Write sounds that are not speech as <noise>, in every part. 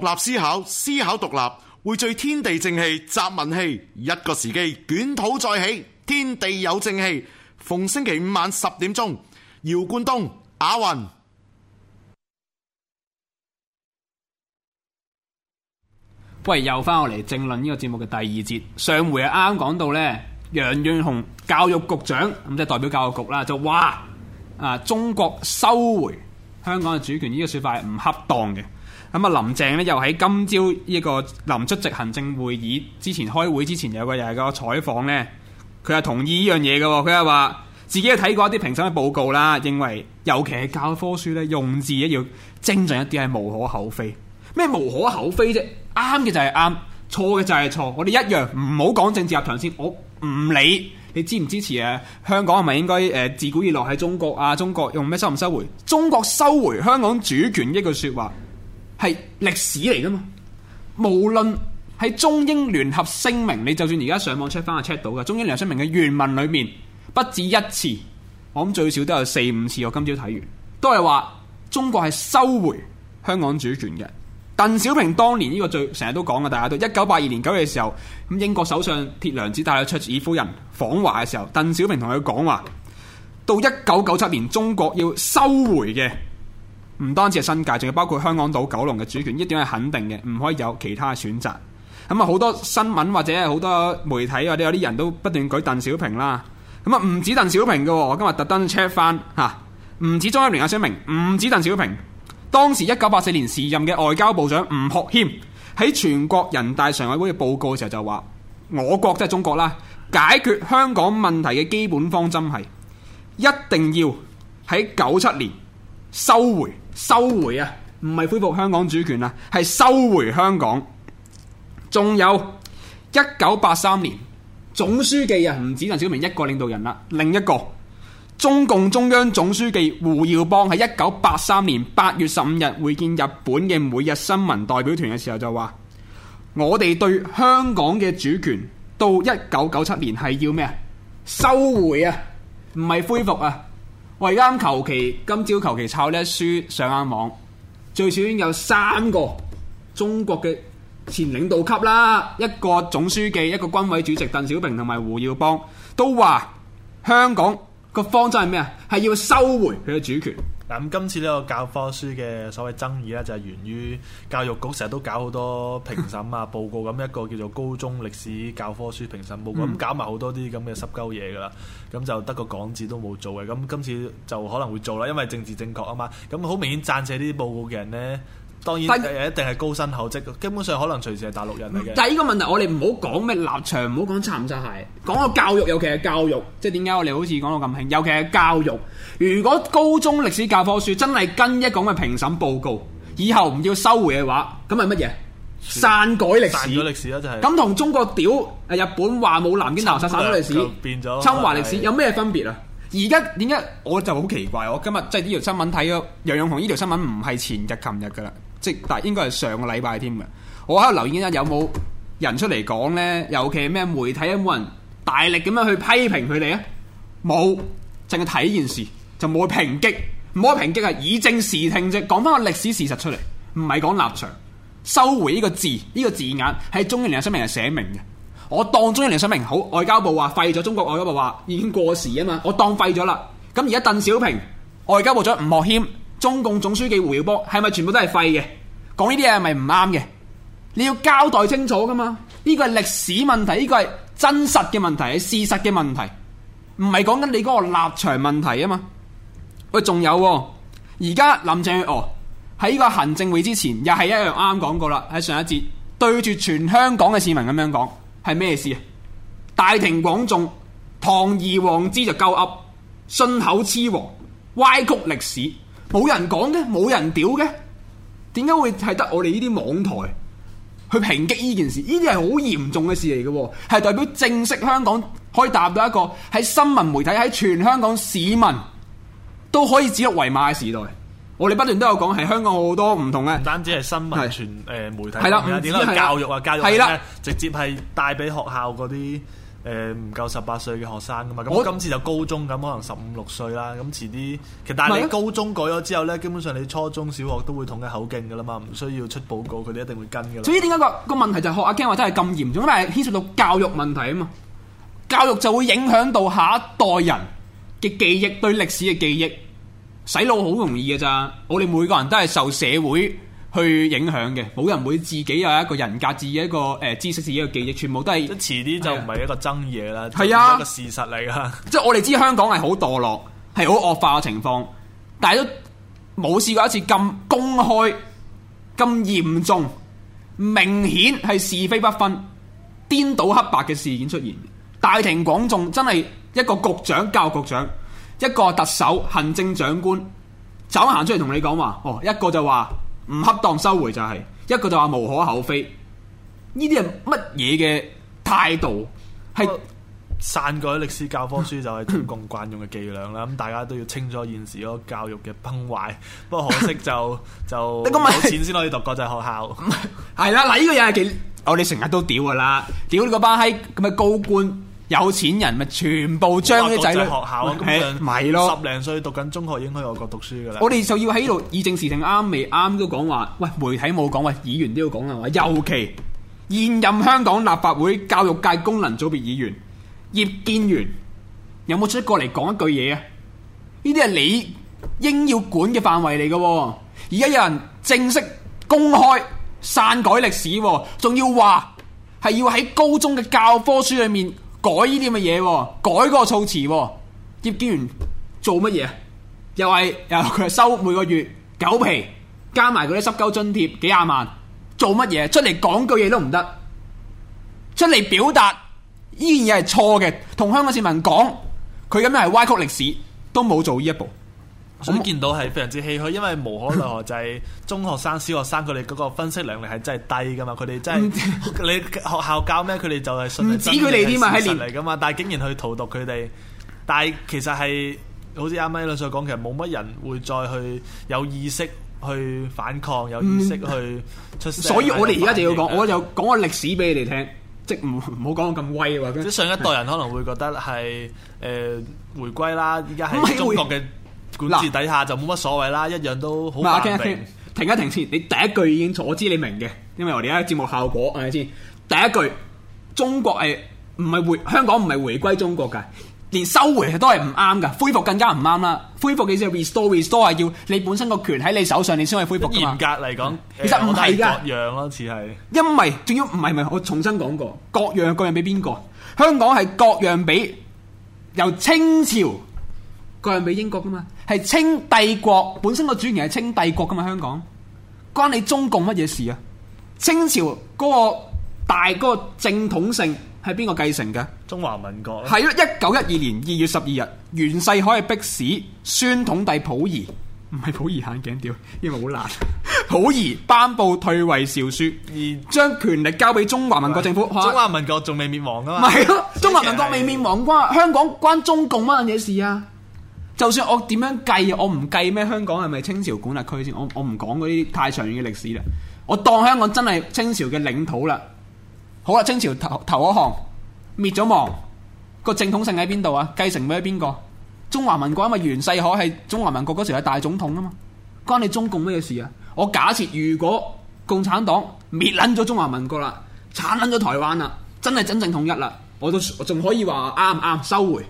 獨立思考，思考獨立，匯聚天地正氣，集民氣，一個時機，捲土再起，天地有正氣。逢星期五晚十點鐘，姚冠東、阿雲。喂，又翻我嚟，正論呢個節目嘅第二節。上回啊啱啱講到呢，楊潤雄教育局長咁即係代表教育局啦，就話啊中國收回香港嘅主權呢個說法係唔恰當嘅。咁啊，林鄭咧又喺今朝呢個臨出席行政會議之前開會之前有人，有個又係個採訪咧，佢係同意呢樣嘢嘅。佢係話自己係睇過一啲評審嘅報告啦，認為尤其係教科書咧用字咧要精準一啲，係無可厚非。咩無可厚非啫？啱嘅就係啱，錯嘅就係錯。我哋一樣唔好講政治立場先，我唔理你支唔支持啊。香港係咪應該誒自古以來喺中國啊？中國用咩收唔收回？中國收回香港主權一句說話。係歷史嚟噶嘛？無論喺中英聯合聲明，你就算而家上網 check 翻，係 check 到嘅，中英聯合聲明嘅原文裏面，不止一次，我諗最少都有四五次。我今朝睇完，都係話中國係收回香港主權嘅。鄧小平當年呢個最成日都講噶，大家都一九八二年九月嘅時候，咁英國首相鐵娘子戴卓爾夫人訪華嘅時候，鄧小平同佢講話，到一九九七年中國要收回嘅。唔單止係新界，仲有包括香港島、九龍嘅主權，一定係肯定嘅，唔可以有其他嘅選擇。咁、嗯、啊，好多新聞或者好多媒體或者有啲人都不斷舉鄧小平啦。咁、嗯、啊，唔止鄧小平嘅、哦，我今日特登 check 翻嚇，唔、啊、止中英聯合聲明，唔止鄧小平，當時一九八四年時任嘅外交部長吳學謙喺全國人大常委會嘅報告嘅時候就話：我國即係中國啦，解決香港問題嘅基本方針係一定要喺九七年收回。收回啊，唔係恢復香港主權啊，係收回香港。仲有，一九八三年，總書記啊，唔止鄧小平一個領導人啦，另一個中共中央總書記胡耀邦喺一九八三年八月十五日會見日本嘅每日新聞代表團嘅時候就話：我哋對香港嘅主權到一九九七年係要咩啊？收回啊，唔係恢復啊。喂，啱啱求其今朝求其抄呢一書上硬網，最少已經有三個中國嘅前領導級啦，一個總書記，一個軍委主席鄧小平同埋胡耀邦都話香港個方針係咩啊？係要收回佢嘅主權。嗱，今次呢個教科書嘅所謂爭議呢，就係源於教育局成日都搞好多評審啊、報告咁 <laughs> 一個叫做高中歷史教科書評審報告，告咁、嗯、搞埋好多啲咁嘅濕鳩嘢噶啦，咁就得個講字都冇做嘅，咁今次就可能會做啦，因為政治正確啊嘛，咁好明顯撰寫呢啲報告嘅人呢。當然，但一定係高薪厚職，基本上可能隨時係大陸人嚟嘅。但係呢個問題，我哋唔好講咩立場，唔好講擦唔擦鞋，講個教育，尤其係教育。即係點解我哋好似講到咁興？尤其係教育，如果高中歷史教科書真係跟一講嘅評審報告，以後唔要收回嘅話，咁係乜嘢？篡改歷史，篡改歷史啦，真係咁同中國屌日本話冇南京大殺殺咗歷史，變咗侵華歷史，是有咩分別啊？而家點解我就好奇怪？我今日即係呢條新聞睇咗楊潤雄呢條新聞，唔係前日、琴日㗎喇。即係，但係應該係上個禮拜添嘅。我喺度留意緊，有冇人出嚟講呢？尤其係咩媒體有冇人大力咁樣去批評佢哋啊？冇，淨係睇件事就冇去抨擊，唔好去抨擊啊！以正視聽啫，講翻個歷史事實出嚟，唔係講立場。收回呢個字，呢個字眼喺中英聯合聲明係寫明嘅。我當中英聯合聲明好，外交部話廢咗，中國外交部話已經過時啊嘛，我當廢咗啦。咁而家鄧小平，外交部長吳學謙。中共總書記胡耀邦係咪全部都係廢嘅？講呢啲嘢係咪唔啱嘅？你要交代清楚噶嘛？呢個係歷史問題，呢個係真實嘅問題，係事實嘅問題，唔係講緊你嗰個立場問題啊嘛。喂、哎，仲有喎、哦，而家林鄭月娥喺呢個行政會之前，又係一樣啱講過啦。喺上一節對住全香港嘅市民咁樣講係咩事啊？大庭廣眾堂而皇之就鳩噏，信口雌黃，歪曲歷史。冇人講嘅，冇人表嘅，點解會係得我哋呢啲網台去抨擊呢件事？呢啲係好嚴重嘅事嚟嘅，係代表正式香港可以踏到一個喺新聞媒體喺全香港市民都可以指鹿為馬嘅時代。我哋不斷都有講係香港好多唔同嘅，唔單止係新聞係是全媒體，係啦的，教育啊？的教育係啦，的直接係帶俾學校嗰啲。誒，唔夠十八歲嘅學生噶嘛？我今次就高中咁，可能十五六歲啦。咁遲啲，其實但係你高中改咗之後呢，啊、基本上你初中小學都會統計口徑噶啦嘛，唔需要出報告，佢哋一定會跟噶啦。所以點解個個問題就係學阿 Ken 話真係咁嚴重？因為牽涉到教育問題啊嘛，教育就會影響到下一代人嘅記憶，對歷史嘅記憶，洗腦好容易噶咋？我哋每個人都係受社會。去影響嘅，冇人會自己有一個人格，自己一個誒、呃、知識，自己一個記憶，全部都係。即遲啲就唔係一個爭議啦，係係、啊、一個事實嚟噶。即係我哋知香港係好墮落，係好惡化嘅情況，但係都冇試過一次咁公開、咁嚴重、明顯係是，是非不分、顛倒黑白嘅事件出現。大庭廣眾，真係一個局長教局長，一個特首行政長官走行出嚟同你講話，哦，一個就話。唔恰當收回就係、是、一個就話無可厚非。呢啲係乜嘢嘅態度？係篡改歷史教科書就係中共慣用嘅伎倆啦！咁 <coughs> 大家都要清楚現時嗰個教育嘅崩壞。不過可惜就就你個冇錢先可以讀國際學校，係啦嗱，呢個又係幾我哋成日都屌噶啦，屌你個班閪咁嘅高官。有錢人咪全部將啲仔女，國際學校啊，係咪咯？是十零歲讀緊中學已經去外國讀書噶啦。我哋就要喺度以正視聽，啱未？啱都講話，喂，媒體冇講，喂，議員都要講噶，尤其現任香港立法會教育界功能組別議員葉建源，有冇出過嚟講一句嘢啊？呢啲係你應要管嘅範圍嚟噶，而家有人正式公開篡改歷史喎，仲要話係要喺高中嘅教科書裏面。改呢啲咁嘅嘢，改個措辭，葉建源做乜嘢？又係又佢係收每個月九皮，加埋嗰啲濕鳩津貼幾廿萬，做乜嘢？出嚟講句嘢都唔得，出嚟表達呢件嘢係錯嘅，同香港市民講，佢咁樣係歪曲歷史，都冇做呢一步。.我見到係非常之唏噓，因為無可奈何就係中學生、小學生佢哋嗰個分析能力係真係低噶嘛，佢哋真係你知學校教咩，佢哋就係信唔止佢哋啲嘛，係年嚟噶嘛，連但係竟然去荼毒佢哋。但係其實係好似啱啱啲老師講，其實冇乜人會再去有意識去反抗，有意識去出。嗯、所以我哋而家就要講，我就講個歷史俾你哋聽，即係唔好講到咁威。即上一代人可能會覺得係誒、呃、回歸啦，依家係中國嘅、嗯。管治底下就冇乜所謂啦，一樣都好穩，停一停，停一停先。你第一句已經我知你明嘅，因為我哋而家節目效果，係咪先？第一句中國係唔係回香港，唔係回歸中國噶？連收回都係唔啱噶，恢復更加唔啱啦。恢復嘅意思 restore，restore 係要你本身個權喺你手上，你先可以恢復。嚴格嚟講、嗯，其實唔係噶。各樣咯，似係，因為仲要唔係唔係，我重新講過，各樣各樣俾邊個？香港係各樣俾，由清朝各樣俾英國噶嘛？係清帝國本身個主權係清帝國噶嘛？香港關你中共乜嘢事啊？清朝嗰個大、嗰個正統性係邊個繼承嘅？中華民國係咯，一九一二年二月十二日，袁世凱嘅逼使宣統帝溥儀，唔係溥儀眼鏡屌，因為好難。 <laughs> <music> 溥儀頒布退位詔書，而將權力交俾中華民國政府。中華民國仲未滅亡啊嘛？係咯， <music> 中華民國未滅亡啩？關香港 <music> 關中共乜嘢事啊？就算我點樣計，我唔計咩香港係咪清朝管轄區先，我我唔講嗰啲太長遠嘅歷史啦。我當香港真係清朝嘅領土啦。好啦，清朝頭頭一項滅咗亡，個正統性喺邊度啊？繼承俾邊個？中華民國，因為袁世凱係中華民國嗰時係大總統啊嘛？關你中共咩事啊？我假設如果共產黨滅捻咗中華民國啦，鏟捻咗台灣啦，真係真正統一啦，我都我仲可以話啱唔啱？收回？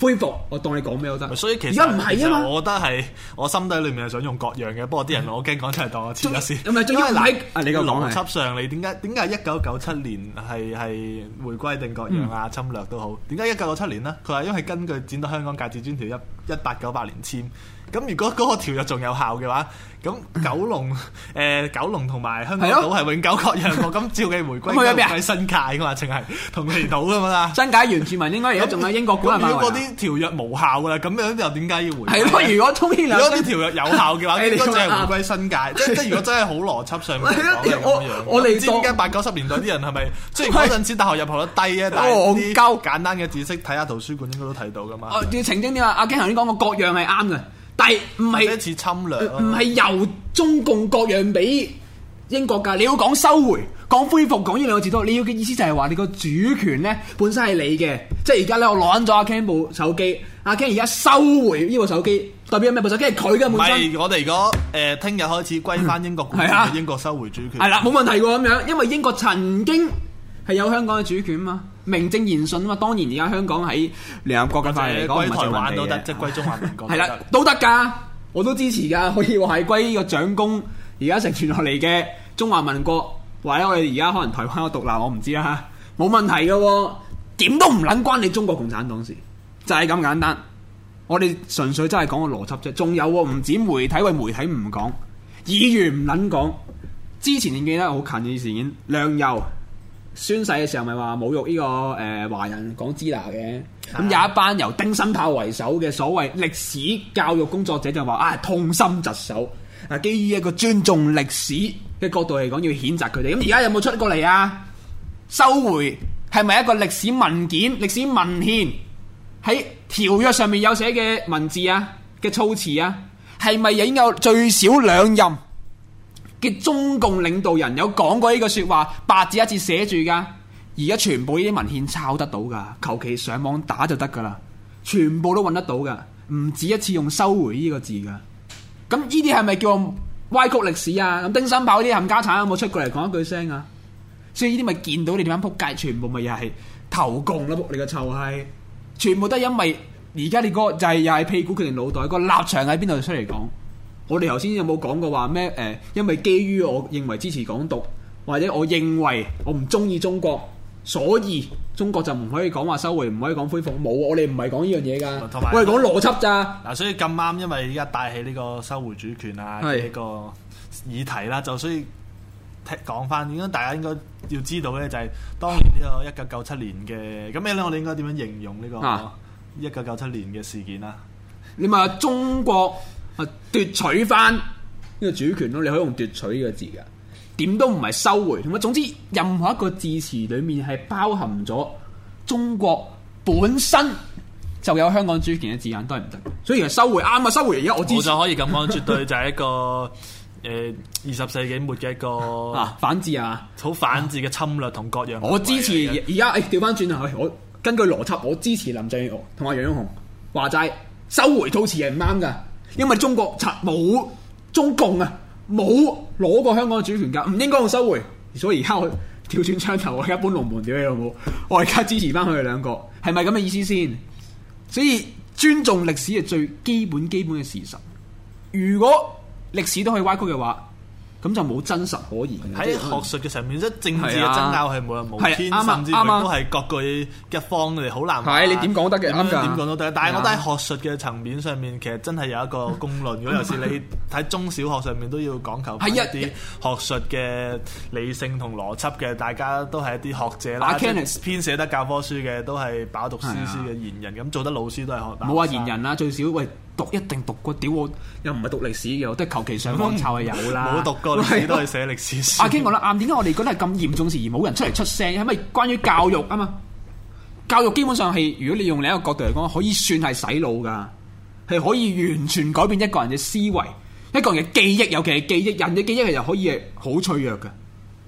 恢復，我當你講咩都得。所以其實而家唔係啊，我覺得係我心底裏面係想用各樣嘅，不過啲人、嗯、我驚講真係當我前一先。因為喺啊，你個邏輯上你點解點解一九九七年係係回歸定各樣啊、嗯、侵略都好？點解一九九七年呢？佢話因為根據《展拓香港界址專條》一。一八九八年簽，咁如果嗰個條約仲有效嘅話，咁九龍誒九龍同埋香港島係永久割讓喎，咁照計回歸又係新界，我話淨係同佢哋賭嘛。新界原住民應該而家仲有英國管下。如果嗰啲條約無效噶啦，咁又點解要回？係咯，如果通呢兩如果條約有效嘅話，應該真係回歸新界。即即如果真係好邏輯上面我哋知唔知八九十年代啲人係咪？雖然嗰陣時大學入學率低啊，但係啲啲簡單嘅知識睇下圖書館應該都睇到噶嘛。要澄清啲啊，阿當個割讓係啱嘅，但係唔係，唔係、呃、由中共割讓俾英國㗎。你要講收回、講恢復、講呢兩個字都，你要嘅意思就係話你個主權咧本身係你嘅，即係而家咧我攞咗阿 Ken 部手機，阿 Ken 而家收回呢部手機，代表咩？部手機係佢嘅本身。唔係，我哋如果誒聽日開始歸翻英國，係啊，英國收回主權，係啦、嗯，冇、啊權啊、問題喎咁樣，因為英國曾經係有香港嘅主權啊嘛。名正言順啊嘛！當然而家香港喺聯合國嘅法嚟講，歸台灣都得，即係歸中華民國。係 <laughs> 啦，都得噶，我都支持噶。可以話係歸呢個長公，而家承傳落嚟嘅中華民國，或者我哋而家可能台灣有獨立，我唔知啦嚇，冇問題嘅喎。點都唔撚關你中國共產黨事，就係、是、咁簡單。我哋純粹真係講個邏輯啫。仲有喎，唔止媒體，喂，媒體唔講，議員唔撚講。之前你記得好近嘅事件，梁游。宣誓嘅時候咪話侮辱呢、這個誒、呃、華人講支那嘅，咁有一班由丁新豹為首嘅所謂歷史教育工作者就話啊、哎、痛心疾首，啊基於一個尊重歷史嘅角度嚟講，要譴責佢哋。咁而家有冇出過嚟啊？收回係咪一個歷史文件、歷史文獻喺條約上面有寫嘅文字啊嘅措辭啊，係咪應有最少兩任？嘅中共領導人有講過呢個説話，八字一次寫住噶，而家全部呢啲文獻抄得到噶，求其上網打就得噶啦，全部都揾得到噶，唔止一次用收回呢個字噶。咁呢啲係咪叫歪曲歷史啊？咁丁新豹啲冚家產有冇出過嚟講一句聲啊？所以呢啲咪見到你點樣仆街，全部咪又係投共咯，仆你個臭閪，全部都係因為而家你個就係又係屁股佢哋腦袋，個立場喺邊度出嚟講？我哋頭先有冇講過話咩？誒，因為基於我認為支持港獨，或者我認為我唔中意中國，所以中國就唔可以講話收回，唔可以講恢復。冇，我哋唔係講呢樣嘢㗎，有我哋講邏輯咋嗱。所以咁啱，因為而家帶起呢個收回主權啊呢是個議題啦，就所以講返，應該大家應該要知道咧，就係當年呢個一九九七年嘅咁樣呢，我哋應該點樣形容呢個一九九七年嘅事件啊？你問中國？啊！奪取翻呢個主權咯，你可以用奪取呢個字㗎，點都唔係收回。同埋，總之任何一個字詞裡面係包含咗中國本身就有香港主權嘅字眼都係唔得。所以而家收回啱啊！收回而家我支持。我就可以咁講，絕對就係一個誒二十世紀末嘅一個啊反智啊，好反智嘅、啊、侵略同各樣。我支持而家誒調翻轉去。我根據邏輯，我支持林鄭月娥同阿楊雄話齋收回套辭係唔啱噶。因為中國冇中共啊，冇攞過香港嘅主權噶，唔應該去收回，所以而家我跳轉槍頭，我而家搬龍門屌你老母，我而家支持翻佢哋兩個，係咪咁嘅意思先？所以尊重歷史係最基本、基本嘅事實。如果歷史都可以歪曲嘅話，咁就冇真實可言，喺學術嘅上面，即係政治嘅爭拗係冇人冇天，甚至乎都係各據一方嚟，好難。係你點講得嘅？點講都得。但係我覺得喺學術嘅層面上面，其實真係有一個公論。如果尤其是你睇中小學上面，都要講求一啲學術嘅理性同邏輯嘅，大家都係一啲學者啦，即係編寫得教科書嘅都係飽讀詩書嘅賢人咁，做得老師都係學。冇話賢人啦，最少喂。讀一定讀過，屌我又唔係讀歷史嘅，我都係求其上網查下有啦。冇讀過歷史都係寫歷史書 <laughs> 說。阿 Ken 講啦，啱點解我哋覺得係咁嚴重事，而冇人出嚟出聲？係咪關於教育啊嘛，教育基本上係，如果你用另一個角度嚟講，可以算係洗腦噶，係可以完全改變一個人嘅思維， <laughs> 一個人嘅記憶，尤其係記憶，人嘅記憶係又可以係好脆弱嘅，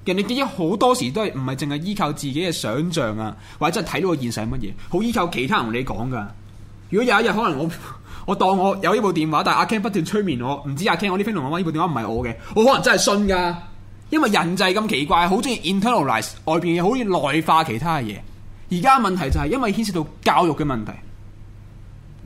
人哋記憶好多時都係唔係淨係依靠自己嘅想象啊，或者真係睇到個現實係乜嘢，好依靠其他人同你講噶。如果有一日可能我。我當我有呢部電話，但係阿 Ken 不斷催眠我，唔知阿 Ken 我呢飛龍阿媽呢部電話唔係我嘅，我可能真係信噶，因為人就咁奇怪，好中意 internalize 外邊嘢，好中意內化其他嘅嘢。而家問題就係因為牽涉到教育嘅問題，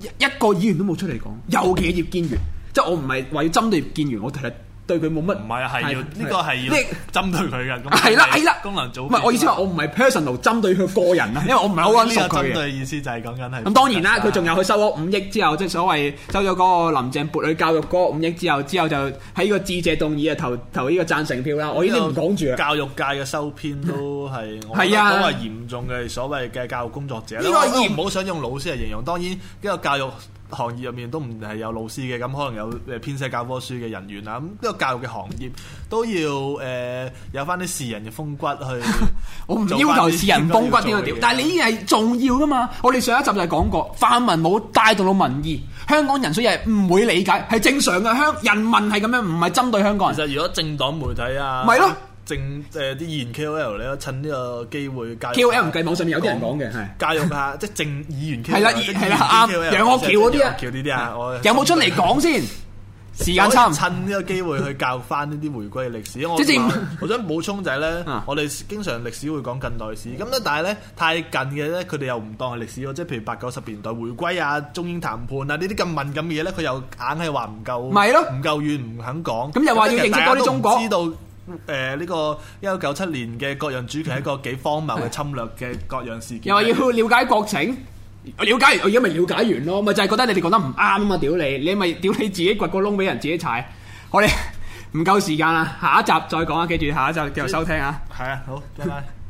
一一個議員都冇出嚟講，尤其葉建源，即係我唔係話要針對葉建源，我睇、就是。對佢冇乜，唔係啊，係要呢個係要針對佢噶，係啦係啦。啊、功能組唔係我意思話，我唔係 personal 針對佢個人啊，因為我唔係好搵呢個針對意思就係講緊係。咁當然啦，佢仲有佢收咗五億之後，即係所謂收咗嗰個林鄭撥畀教育嗰五億之後，之後就喺呢個致謝動議啊投投呢個贊成票啦。這個 我已經唔講住啊。教育界嘅收編都係，我 <laughs> 啊，覺得都係嚴重嘅所謂嘅教育工作者。呢個而唔好想用老師嚟形容，當然呢個教育。行業入面都唔係有老師嘅，咁可能有誒編寫教科書嘅人員啦。咁呢個教育嘅行業都要誒、呃、有翻啲士人嘅風骨去。 <laughs> 我唔要求士人風骨點樣調，但係你呢啲係重要噶嘛？我哋上一集就係講過，泛民冇帶動到民意，香港人所以唔會理解，係正常嘅。香人民係咁樣，唔係針對香港人。其實如果政黨媒體啊，咪咯。正誒啲議員 K O L 咧，趁呢個機會教育 K O L 唔計網上面有啲人講嘅，係教育下即係正議員 K O L。係啦，係啦，啱。楊岳橋嗰啲橋啲啲啊，我有冇出嚟講先？時間差。趁呢個機會去教翻呢啲回歸嘅歷史。我想補充就係咧，我哋經常歷史會講近代史咁咧，但係咧太近嘅咧，佢哋又唔當係歷史咯。即係譬如八九十年代回歸啊、中英談判啊呢啲咁敏感嘅嘢咧，佢又硬係話唔夠，唔夠遠，唔肯講。咁又話要認識多啲中國。誒，呢、呃，這個一九九七年嘅各樣主權一個幾荒謬嘅侵略嘅各樣事件。 <laughs> 又話要了解國情，我了解，我而家咪瞭解完咯，咪就係、是、覺得你哋講得唔啱啊嘛！屌你，你咪屌你自己掘個窿俾人自己踩。我哋唔 <laughs> 夠時間啦，下一集再講啊！記住下一集繼續收聽啊！係啊，好，拜拜。 <laughs>